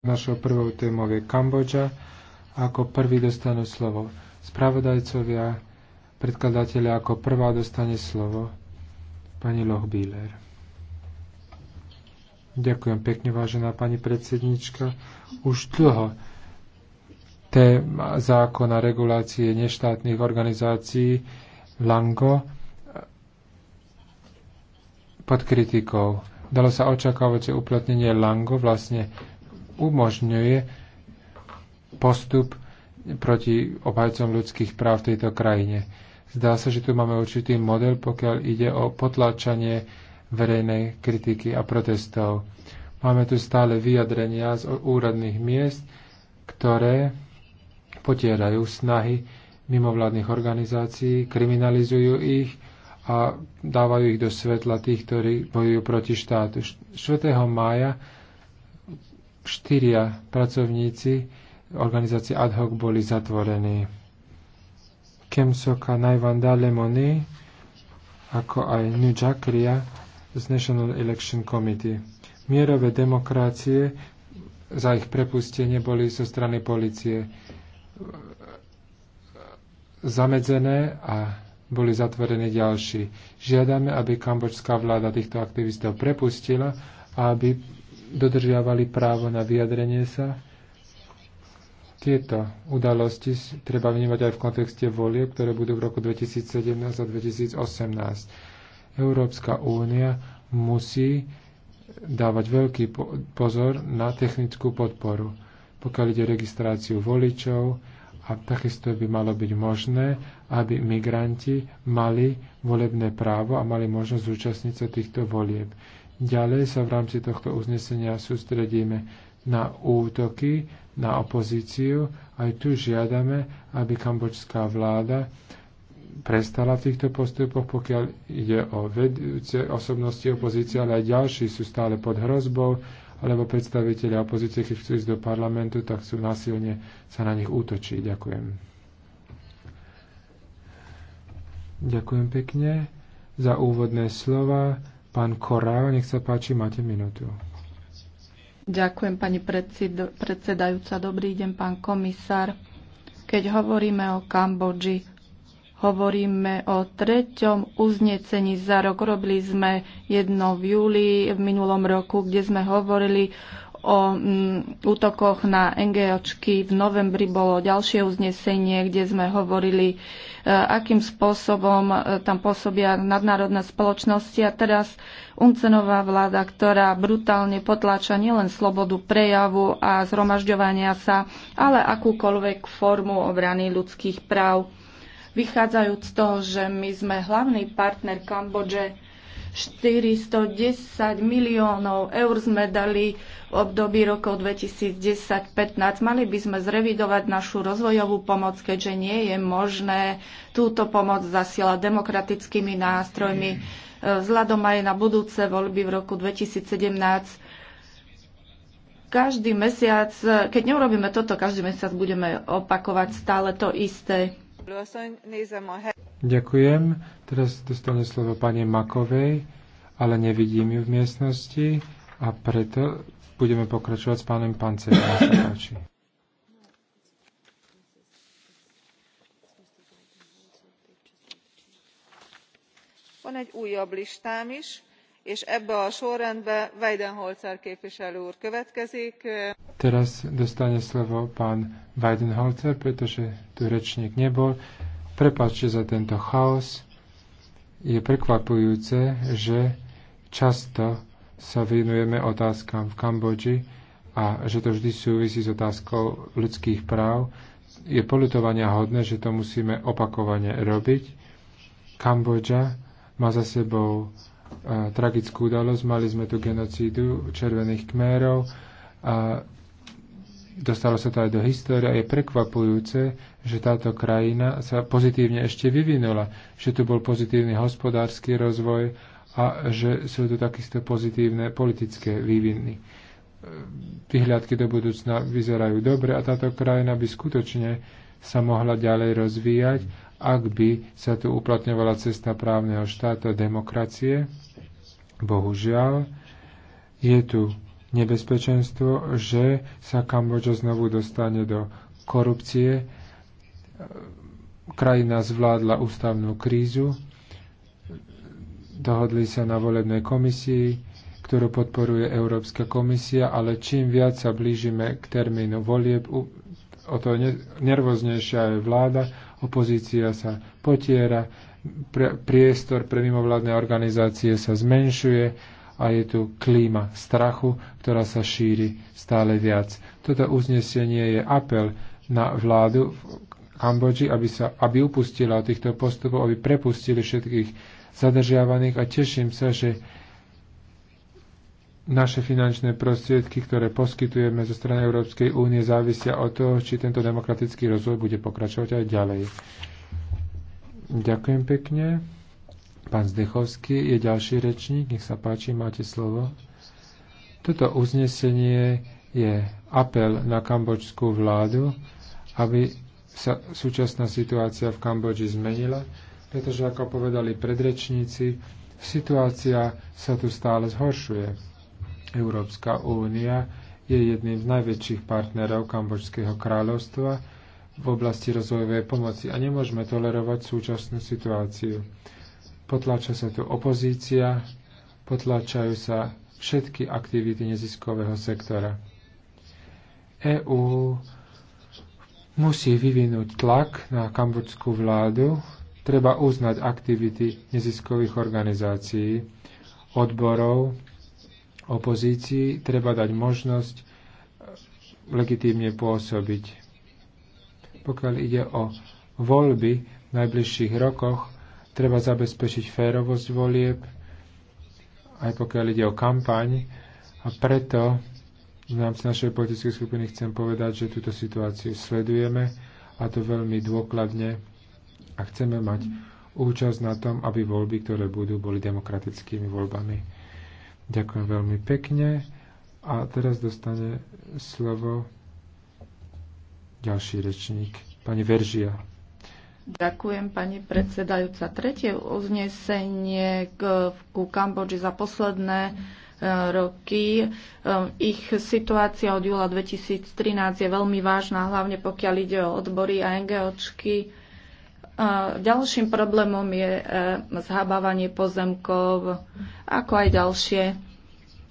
Našou prvou témou je Kambodža. Ako prvý dostanú slovo spravodajcovia, predkladateľe ako prvá dostane slovo pani Lohbíler. Ďakujem pekne, vážená pani predsednička. Už dlho téma zákona regulácie neštátnych organizácií Lango pod kritikou. Dalo sa očakávať, že uplatnenie Lango vlastne umožňuje postup proti obhajcom ľudských práv v tejto krajine. Zdá sa, že tu máme určitý model, pokiaľ ide o potláčanie verejnej kritiky a protestov. Máme tu stále vyjadrenia z úradných miest, ktoré potierajú snahy mimovládnych organizácií, kriminalizujú ich a dávajú ich do svetla tých, ktorí bojujú proti štátu. 4. mája štyria pracovníci organizácie ad hoc boli zatvorení. Kemsoka Najvanda Lemony, ako aj Nujakria z National Election Committee. Mierové demokracie za ich prepustenie boli zo strany policie zamedzené a boli zatvorení ďalší. Žiadame, aby kambočská vláda týchto aktivistov prepustila a aby dodržiavali právo na vyjadrenie sa. Tieto udalosti treba vnímať aj v kontexte volie, ktoré budú v roku 2017 a 2018. Európska únia musí dávať veľký pozor na technickú podporu, pokiaľ ide registráciu voličov a takisto by malo byť možné, aby migranti mali volebné právo a mali možnosť zúčastniť sa týchto volieb. Ďalej sa v rámci tohto uznesenia sústredíme na útoky na opozíciu. Aj tu žiadame, aby kambočská vláda prestala v týchto postupoch, pokiaľ ide o vedúce osobnosti opozície, ale aj ďalší sú stále pod hrozbou, alebo predstaviteľi opozície, keď chcú ísť do parlamentu, tak sú násilne sa na nich útočí. Ďakujem. Ďakujem pekne za úvodné slova. Pán Korál, nech sa páči, máte minútu. Ďakujem, pani predsedajúca. Dobrý deň, pán komisár. Keď hovoríme o Kambodži, hovoríme o treťom uznecení. za rok. Robili sme jedno v júli v minulom roku, kde sme hovorili o mm, útokoch na NGOčky v novembri bolo ďalšie uznesenie, kde sme hovorili, e, akým spôsobom e, tam pôsobia nadnárodné spoločnosti a teraz Uncenová vláda, ktorá brutálne potláča nielen slobodu prejavu a zhromažďovania sa, ale akúkoľvek formu obrany ľudských práv. Vychádzajúc z toho, že my sme hlavný partner Kambodže, 410 miliónov eur sme dali v období rokov 2010 2015 Mali by sme zrevidovať našu rozvojovú pomoc, keďže nie je možné túto pomoc zasielať demokratickými nástrojmi. E, vzhľadom aj na budúce voľby v roku 2017 každý mesiac, keď neurobíme toto, každý mesiac budeme opakovať stále to isté. Ďakujem. Teraz dostane slovo pani Makovej, ale nevidím ju v miestnosti a preto budeme pokračovať s pánom Pancerom. sa páči. Van egy újabb listám is és ebbe a sorrendbe weidenholzer képviselő úr következik. Teraz dostane slovo pán Weidenholzer, pretože tu rečník nebol. Prepáčte za tento chaos. Je prekvapujúce, že často sa venujeme otázkam v Kambodži a že to vždy súvisí s otázkou ľudských práv. Je polutovania hodné, že to musíme opakovane robiť. Kambodža má za sebou a, tragickú udalosť. Mali sme tu genocídu červených kmerov. a dostalo sa to aj do histórie a je prekvapujúce, že táto krajina sa pozitívne ešte vyvinula, že tu bol pozitívny hospodársky rozvoj a že sú tu takisto pozitívne politické výviny. Vyhľadky do budúcna vyzerajú dobre a táto krajina by skutočne sa mohla ďalej rozvíjať ak by sa tu uplatňovala cesta právneho štátu a demokracie. Bohužiaľ, je tu nebezpečenstvo, že sa Kambodža znovu dostane do korupcie. Krajina zvládla ústavnú krízu, dohodli sa na volebnej komisii, ktorú podporuje Európska komisia, ale čím viac sa blížime k termínu volieb, o to nervoznejšia je vláda, opozícia sa potiera, pr- priestor pre mimovládne organizácie sa zmenšuje a je tu klíma strachu, ktorá sa šíri stále viac. Toto uznesenie je apel na vládu v Kambodži, aby, sa, aby upustila týchto postupov, aby prepustili všetkých zadržiavaných a teším sa, že naše finančné prostriedky, ktoré poskytujeme zo strany Európskej únie, závisia od toho, či tento demokratický rozvoj bude pokračovať aj ďalej. Ďakujem pekne. Pán Zdechovský je ďalší rečník. Nech sa páči, máte slovo. Toto uznesenie je apel na kambočskú vládu, aby sa súčasná situácia v Kambodži zmenila, pretože, ako povedali predrečníci, situácia sa tu stále zhoršuje. Európska únia je jedným z najväčších partnerov Kambočského kráľovstva v oblasti rozvojovej pomoci a nemôžeme tolerovať súčasnú situáciu. Potláča sa tu opozícia, potláčajú sa všetky aktivity neziskového sektora. EÚ musí vyvinúť tlak na kambočskú vládu, treba uznať aktivity neziskových organizácií, odborov, opozícii treba dať možnosť legitímne pôsobiť. Pokiaľ ide o voľby v najbližších rokoch, treba zabezpečiť férovosť volieb, aj pokiaľ ide o kampaň. A preto v rámci našej politickej skupiny chcem povedať, že túto situáciu sledujeme a to veľmi dôkladne a chceme mať účasť na tom, aby voľby, ktoré budú, boli demokratickými voľbami. Ďakujem veľmi pekne. A teraz dostane slovo ďalší rečník, pani Veržia. Ďakujem, pani predsedajúca. Tretie uznesenie k, ku Kambodži za posledné e, roky. E, ich situácia od júla 2013 je veľmi vážna, hlavne pokiaľ ide o odbory a NGOčky Ďalším problémom je e, zhábavanie pozemkov, ako aj ďalšie.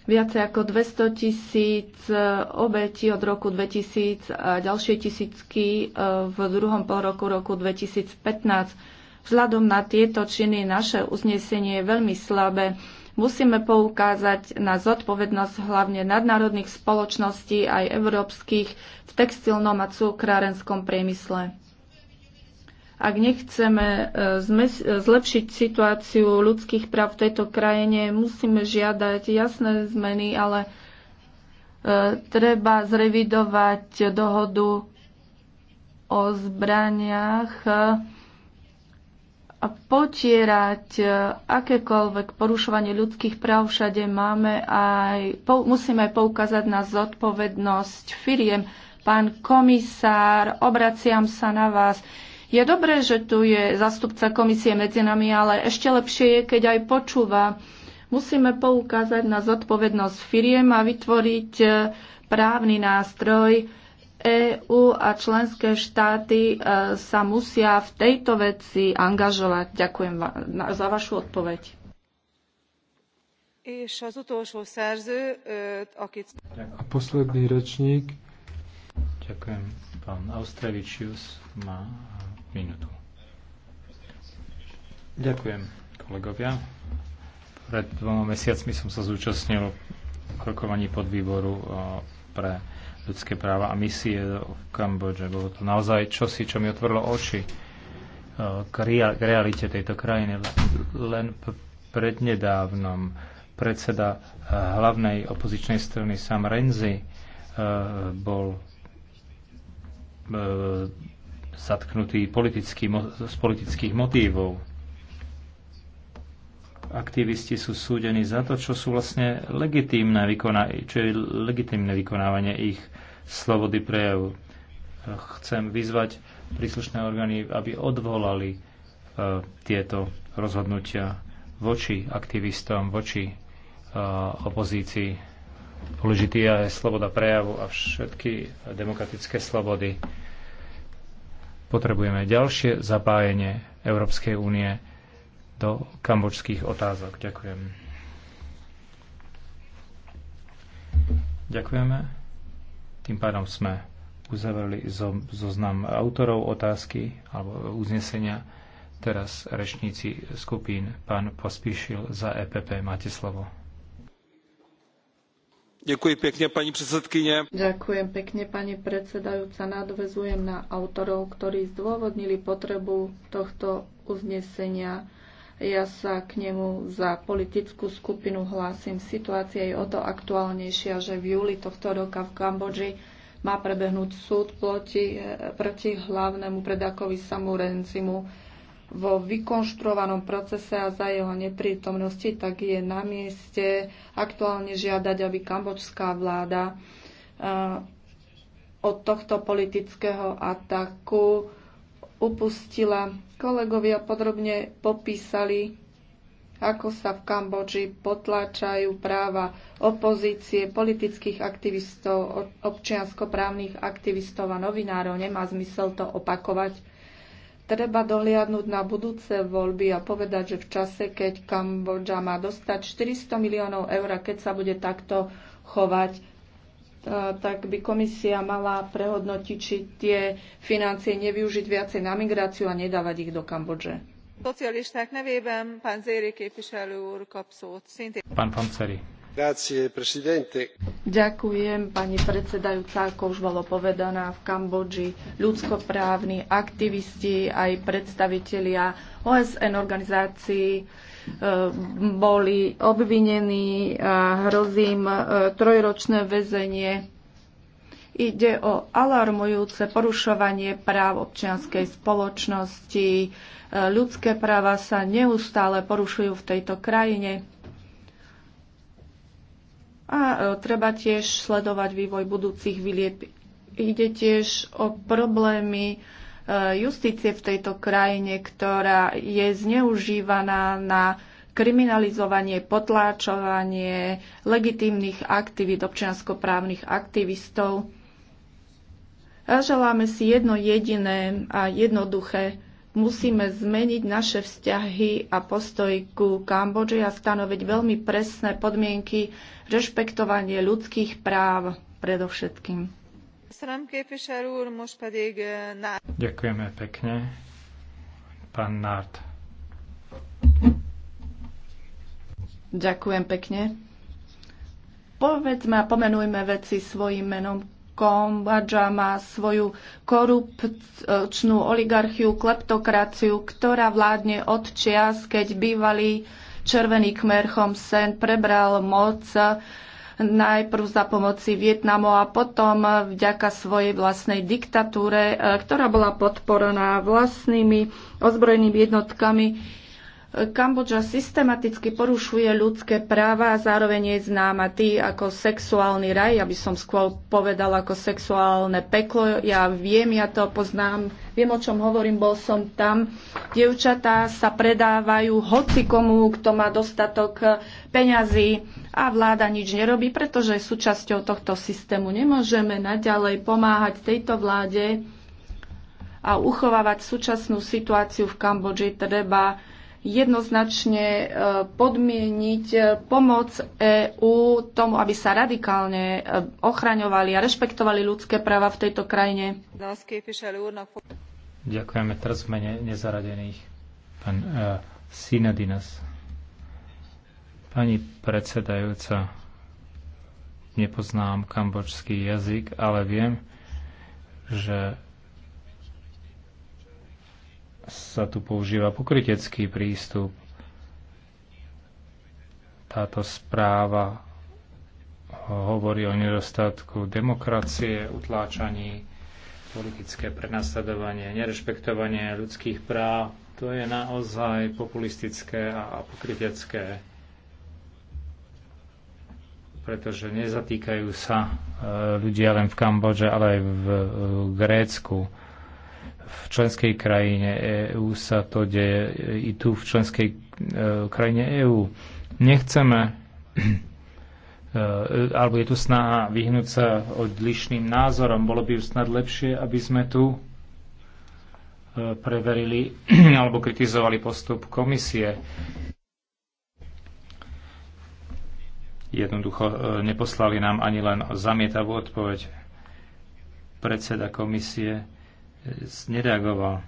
Viacej ako 200 tisíc e, obetí od roku 2000 a ďalšie tisícky e, v druhom roku roku 2015. Vzhľadom na tieto činy naše uznesenie je veľmi slabé. Musíme poukázať na zodpovednosť hlavne nadnárodných spoločností aj európskych v textilnom a cukrárenskom priemysle. Ak nechceme e, e, zlepšiť situáciu ľudských práv v tejto krajine, musíme žiadať jasné zmeny, ale e, treba zrevidovať dohodu o zbraniach a potierať akékoľvek porušovanie ľudských práv všade máme aj, musíme aj poukázať na zodpovednosť firiem. Pán komisár, obraciam sa na vás. Je dobré, že tu je zastupca komisie medzi nami, ale ešte lepšie je, keď aj počúva. Musíme poukázať na zodpovednosť firiem a vytvoriť e, právny nástroj. EÚ a členské štáty e, sa musia v tejto veci angažovať. Ďakujem za vašu odpoveď. A posledný rečník. Ďakujem. Pán Austrevičius má minútu. Ďakujem, kolegovia. Pred dvoma mesiacmi som sa zúčastnil rokovaní podvýboru eh, pre ľudské práva a misie v Kambodže. Bolo to naozaj čosi, čo mi otvorilo oči eh, k realite tejto krajiny. Len prednedávnom predseda eh, hlavnej opozičnej strany Sam Renzi bol zatknutí politický, z politických motívov. Aktivisti sú súdení za to, čo sú vlastne legitímne vykoná, čo je legitímne vykonávanie ich slobody prejavu. Chcem vyzvať príslušné orgány, aby odvolali uh, tieto rozhodnutia voči aktivistom, voči uh, opozícii. Dôležitý je sloboda prejavu a všetky demokratické slobody Potrebujeme ďalšie zapájenie Európskej únie do kambočských otázok. Ďakujem. Ďakujeme. Tým pádom sme uzavreli zo, zoznam autorov otázky alebo uznesenia. Teraz rečníci skupín. Pán Pospíšil za EPP. Máte slovo. Ďakujem pekne, pani predsedkynia. Ďakujem pekne, pani predsedajúca. Nadvezujem na autorov, ktorí zdôvodnili potrebu tohto uznesenia. Ja sa k nemu za politickú skupinu hlásim. Situácia je o to aktuálnejšia, že v júli tohto roka v Kambodži má prebehnúť súd proti, proti hlavnému predákovi Samurencimu vo vykonštruovanom procese a za jeho neprítomnosti, tak je na mieste aktuálne žiadať, aby kambočská vláda eh, od tohto politického ataku upustila. Kolegovia podrobne popísali, ako sa v Kambodži potláčajú práva opozície, politických aktivistov, občianskoprávnych aktivistov a novinárov. Nemá zmysel to opakovať. Treba dohliadnúť na budúce voľby a povedať, že v čase, keď Kambodža má dostať 400 miliónov eur, keď sa bude takto chovať, e, tak by komisia mala prehodnotiť, či tie financie nevyužiť viacej na migráciu a nedávať ich do Kambodže. Pán Panzeri. Ďakujem, pani predsedajúca, ako už bolo povedaná, v Kambodži ľudskoprávni aktivisti aj predstavitelia OSN organizácií e, boli obvinení a e, hrozí im e, trojročné väzenie. Ide o alarmujúce porušovanie práv občianskej spoločnosti. Ľudské práva sa neustále porušujú v tejto krajine. A e, treba tiež sledovať vývoj budúcich vyliep. Ide tiež o problémy e, justície v tejto krajine, ktorá je zneužívaná na kriminalizovanie, potláčovanie legitímnych aktivít, občianskoprávnych aktivistov. A želáme si jedno jediné a jednoduché musíme zmeniť naše vzťahy a postoj ku Kambodži a stanoviť veľmi presné podmienky rešpektovanie ľudských práv predovšetkým. Ďakujeme pekne. Pán Nárd. Ďakujem pekne. Povedzme a pomenujme veci svojim menom. Kambodža má svoju korupčnú oligarchiu, kleptokraciu, ktorá vládne od čias, keď bývalý červený kmer Sen prebral moc najprv za pomoci Vietnamu a potom vďaka svojej vlastnej diktatúre, e, ktorá bola podporená vlastnými ozbrojenými jednotkami Kambodža systematicky porušuje ľudské práva a zároveň je známa ty ako sexuálny raj, aby som skôr povedala ako sexuálne peklo. Ja viem, ja to poznám, viem o čom hovorím, bol som tam. Dievčatá sa predávajú hoci komu, kto má dostatok eh, peňazí a vláda nič nerobí, pretože súčasťou tohto systému nemôžeme naďalej pomáhať tejto vláde a uchovávať súčasnú situáciu v Kambodži. Treba jednoznačne e, podmieniť e, pomoc EÚ tomu, aby sa radikálne e, ochraňovali a rešpektovali ľudské práva v tejto krajine. Ďakujeme teraz mene nezaradených. Pán uh, Sinadinas. Pani predsedajúca, nepoznám kambočský jazyk, ale viem, že sa tu používa pokrytecký prístup. Táto správa hovorí o nedostatku demokracie, utláčaní, politické prenasledovanie, nerešpektovanie ľudských práv. To je naozaj populistické a pokrytecké. pretože nezatýkajú sa e, ľudia len v Kambodže, ale aj v e, Grécku v členskej krajine EÚ sa to deje e, i tu v členskej e, krajine EÚ. Nechceme, e, e, alebo je tu snaha vyhnúť sa odlišným názorom. Bolo by snad lepšie, aby sme tu e, preverili alebo kritizovali postup komisie. Jednoducho neposlali nám ani len zamietavú odpoveď predseda komisie nereagoval.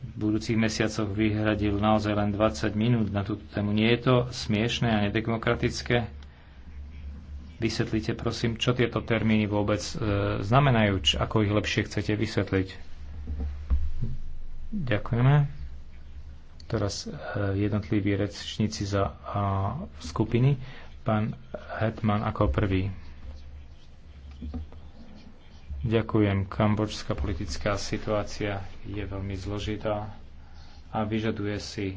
V budúcich mesiacoch vyhradil naozaj len 20 minút na túto tému. Nie je to smiešné a nedemokratické? Vysvetlite prosím, čo tieto termíny vôbec e, znamenajú, č- ako ich lepšie chcete vysvetliť. Ďakujeme. Teraz e, jednotliví rečníci za a, skupiny. Pán Hetman ako prvý. Ďakujem. Kambočská politická situácia je veľmi zložitá a vyžaduje si e,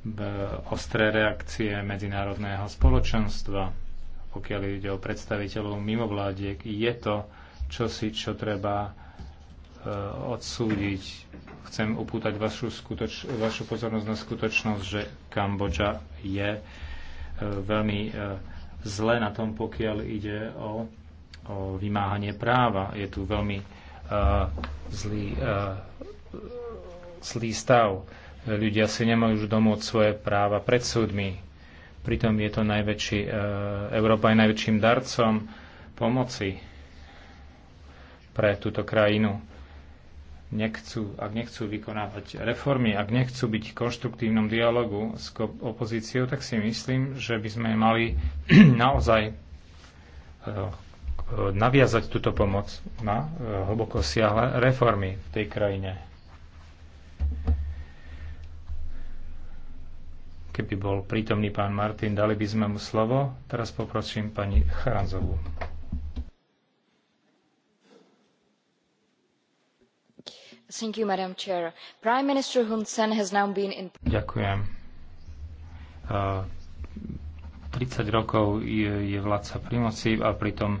e, ostré reakcie medzinárodného spoločenstva. Pokiaľ ide o predstaviteľov mimovládiek, je to čosi, čo treba e, odsúdiť. Chcem upútať vašu, skutoč- vašu pozornosť na skutočnosť, že Kambodža je veľmi zle na tom, pokiaľ ide o, o vymáhanie práva. Je tu veľmi uh, zlý, uh, zlý stav. Ľudia si nemajú už domôcť svoje práva pred súdmi. Pritom je to najväčší, uh, Európa je najväčším darcom pomoci pre túto krajinu nechcú, ak nechcú vykonávať reformy, ak nechcú byť v konštruktívnom dialogu s opozíciou, tak si myslím, že by sme mali naozaj eh, eh, naviazať túto pomoc na eh, hlboko siahle reformy v tej krajine. Keby bol prítomný pán Martin, dali by sme mu slovo. Teraz poprosím pani Charanzovú. You, in... Ďakujem. Uh, 30 rokov je, je vládca pri moci a pritom e,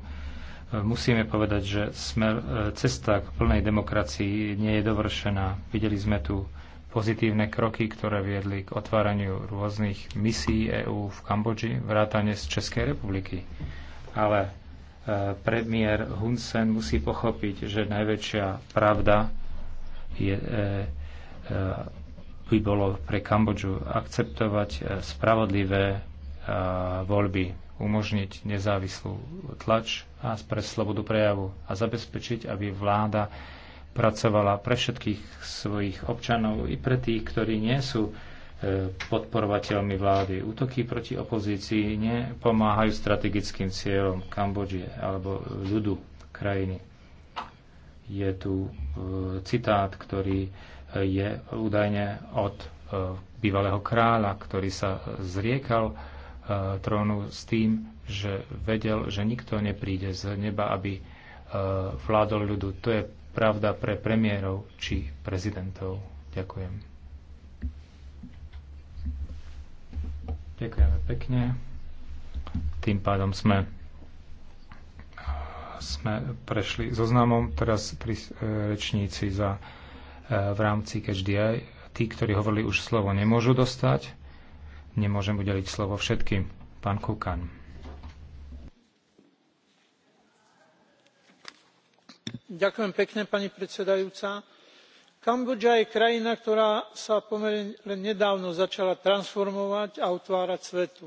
musíme povedať, že smer, e, cesta k plnej demokracii nie je dovršená. Videli sme tu pozitívne kroky, ktoré viedli k otváraniu rôznych misií EÚ v Kambodži, vrátane z Českej republiky. Ale e, premiér Hun Sen musí pochopiť, že najväčšia pravda je, e, e, by bolo pre Kambodžu akceptovať e, spravodlivé voľby, umožniť nezávislú tlač a pre slobodu prejavu a zabezpečiť, aby vláda pracovala pre všetkých svojich občanov i pre tých, ktorí nie sú podporovateľmi vlády. Útoky proti opozícii nepomáhajú strategickým cieľom Kambodži alebo ľudu krajiny. Je tu e, citát, ktorý e, je údajne od e, bývalého kráľa, ktorý sa zriekal trónu s tým, že vedel, že nikto nepríde z neba, aby vládol ľudu. To je pravda pre premiérov či prezidentov. Ďakujem. Ďakujeme pekne. Tým pádom sme sme prešli zoznamom, teraz pri e, rečníci za, e, v rámci KHDI. Tí, ktorí hovorili už slovo, nemôžu dostať. Nemôžem udeliť slovo všetkým. Pán Kukan. Ďakujem pekne, pani predsedajúca. Kambodža je krajina, ktorá sa pomerne nedávno začala transformovať a otvárať svetu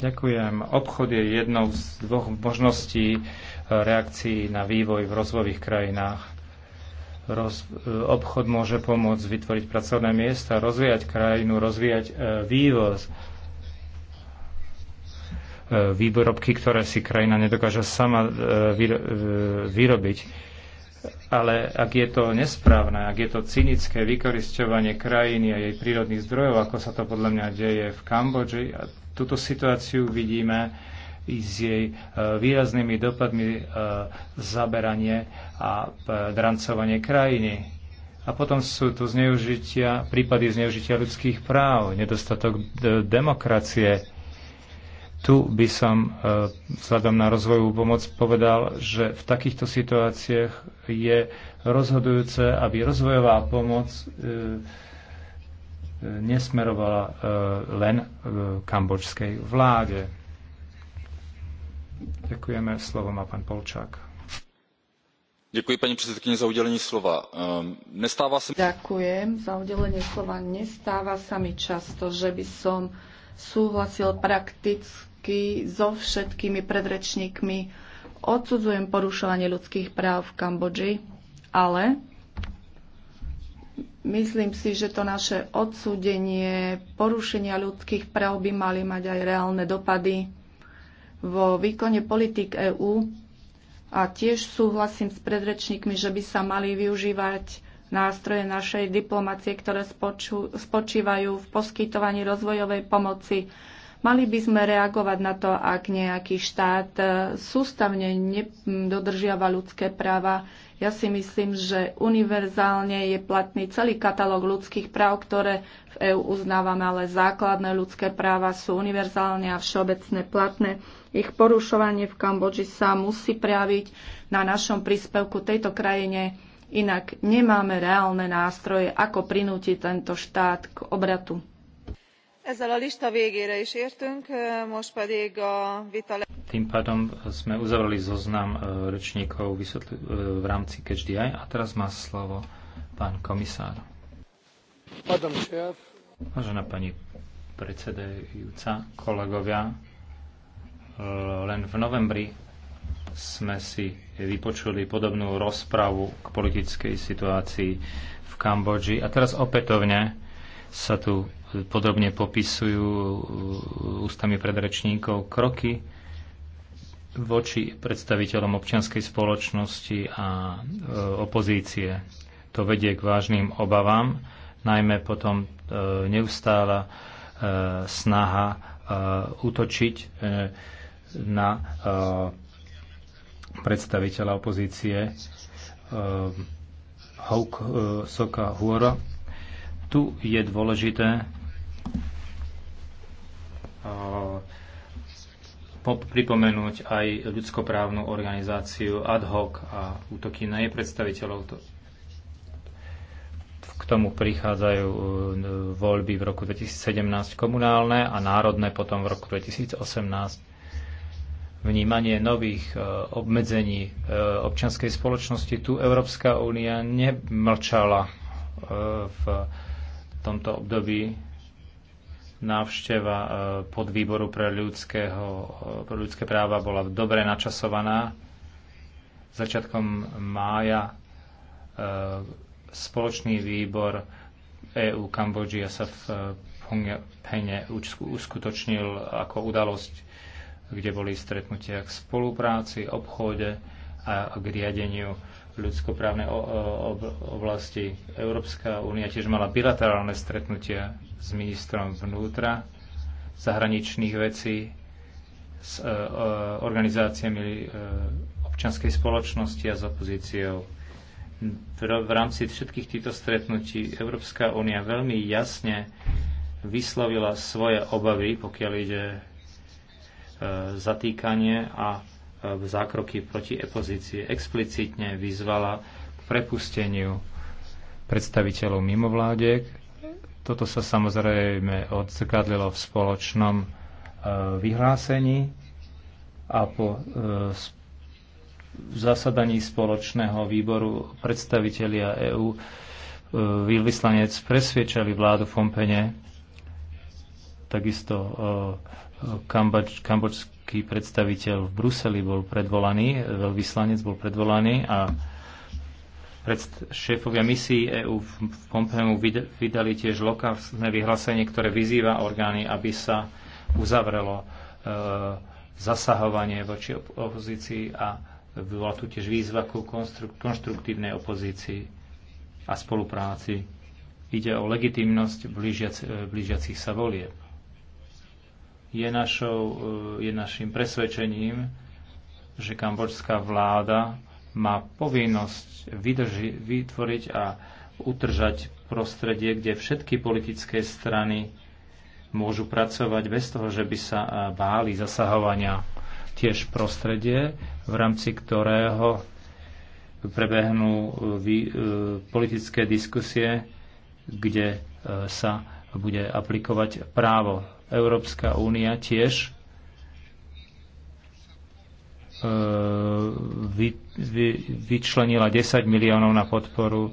Ďakujem. Obchod je jednou z dvoch možností eh, reakcií na vývoj v rozvojových krajinách. Roz... Eh, obchod môže pomôcť vytvoriť pracovné miesta, rozvíjať krajinu, rozvíjať e, vývoz výrobky, ktoré si krajina nedokáže sama vyrobiť ale ak je to nesprávne, ak je to cynické vykorisťovanie krajiny a jej prírodných zdrojov, ako sa to podľa mňa deje v Kambodži, a túto situáciu vidíme i s jej e, výraznými dopadmi e, zaberanie a e, drancovanie krajiny. A potom sú tu zneužitia, prípady zneužitia ľudských práv, nedostatok demokracie, tu by som e, vzhľadom na rozvojovú pomoc povedal, že v takýchto situáciách je rozhodujúce, aby rozvojová pomoc e, e, nesmerovala len v kambočskej vláde. Ďakujeme. Slovo má pán Polčák. Ďakujem pani predsedkyne za udelenie slova. Ehm, nestáva sa... Ďakujem za udelenie slova. Nestáva sa mi často, že by som súhlasil prakticky všetky, so všetkými predrečníkmi. Odsudzujem porušovanie ľudských práv v Kambodži, ale myslím si, že to naše odsúdenie porušenia ľudských práv by mali mať aj reálne dopady vo výkone politik EÚ a tiež súhlasím s predrečníkmi, že by sa mali využívať nástroje našej diplomacie, ktoré spočívajú v poskytovaní rozvojovej pomoci Mali by sme reagovať na to, ak nejaký štát e, sústavne nedodržiava ľudské práva. Ja si myslím, že univerzálne je platný celý katalóg ľudských práv, ktoré v EÚ uznávame, ale základné ľudské práva sú univerzálne a všeobecne platné. Ich porušovanie v Kambodži sa musí prejaviť na našom príspevku tejto krajine Inak nemáme reálne nástroje, ako prinútiť tento štát k obratu ezzel a lista végére is értünk, most pedig a vita... Tým pádom sme uzavreli zoznam rečníkov v rámci CatchDI a teraz má slovo pán komisár. Vážená pani predsedajúca, kolegovia, len v novembri sme si vypočuli podobnú rozpravu k politickej situácii v Kambodži a teraz opätovne sa tu podrobne popisujú uh, ústami predrečníkov kroky voči predstaviteľom občianskej spoločnosti a uh, opozície. To vedie k vážnym obavám, najmä potom uh, neustála snaha útočiť na predstaviteľa opozície Hauk Soka Hura. Tu je dôležité pripomenúť aj ľudskoprávnu organizáciu ad hoc a útoky na jej predstaviteľov. K tomu prichádzajú e, voľby v roku 2017 komunálne a národné potom v roku 2018. Vnímanie nových e, obmedzení e, občianskej spoločnosti tu Európska únia nemlčala v tomto období návšteva e, podvýboru pre, ľudského, e, pre ľudské práva bola dobre načasovaná. Začiatkom mája e, spoločný výbor EU Kambodžia sa v Phene uskutočnil ako udalosť, kde boli stretnutia k spolupráci, obchode a k riadeniu ľudskoprávnej oblasti. Európska únia tiež mala bilaterálne stretnutia s ministrom vnútra, zahraničných vecí, s e, e, organizáciami e, občanskej spoločnosti a s opozíciou. V rámci všetkých týchto stretnutí Európska únia veľmi jasne vyslovila svoje obavy, pokiaľ ide zatýkanie a v zákroky proti opozícii explicitne vyzvala k prepusteniu predstaviteľov mimovládiek. Toto sa samozrejme odzrkadlilo v spoločnom e, vyhlásení a po e, zasadaní spoločného výboru predstavitelia EÚ e, vyslanec presviečali vládu Fompene Takisto e, e, Kambač, kambočský predstaviteľ v Bruseli bol predvolaný, e, veľvyslanec bol predvolaný a predst- šéfovia misií EÚ v Pompeu vydali tiež lokálne vyhlásenie, ktoré vyzýva orgány, aby sa uzavrelo e, zasahovanie voči opozícii a bola tu tiež výzva ku konštruktívnej opozícii a spolupráci. Ide o legitimnosť blížiac, blížiacich sa volieb je, našou, e, je našim presvedčením, že kambočská vláda má povinnosť vydrži, vytvoriť a utržať prostredie, kde všetky politické strany môžu pracovať bez toho, že by sa e, báli zasahovania tiež prostredie, v rámci ktorého prebehnú e, politické diskusie, kde sa bude aplikovať právo. Európska únia tiež e, vy, vy, vyčlenila 10 miliónov na podporu e,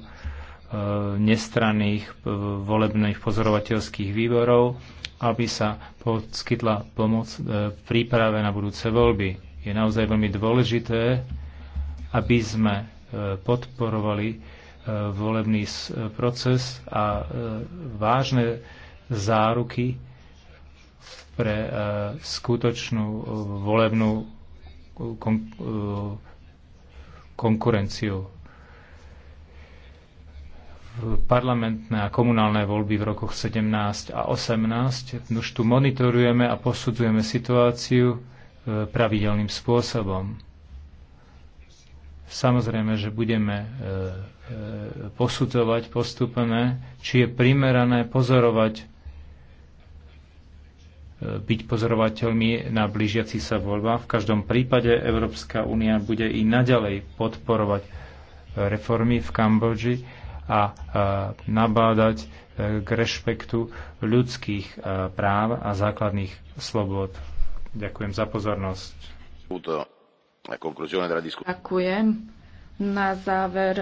nestranných e, volebných pozorovateľských výborov, aby sa poskytla pomoc v príprave na budúce voľby. Je naozaj veľmi dôležité, aby sme podporovali volebný proces a vážne záruky pre e, skutočnú e, volebnú e, konkurenciu. V Parlamentné a komunálne voľby v rokoch 17 a 18 už tu monitorujeme a posudzujeme situáciu pravidelným spôsobom. Samozrejme, že budeme posudzovať postupné, či je primerané pozorovať byť pozorovateľmi na blížiaci sa voľba. V každom prípade Európska únia bude i naďalej podporovať e, reformy v Kambodži a e, nabádať e, k rešpektu ľudských práv a základných slobod. Ďakujem za pozornosť. Ďakujem. Na záver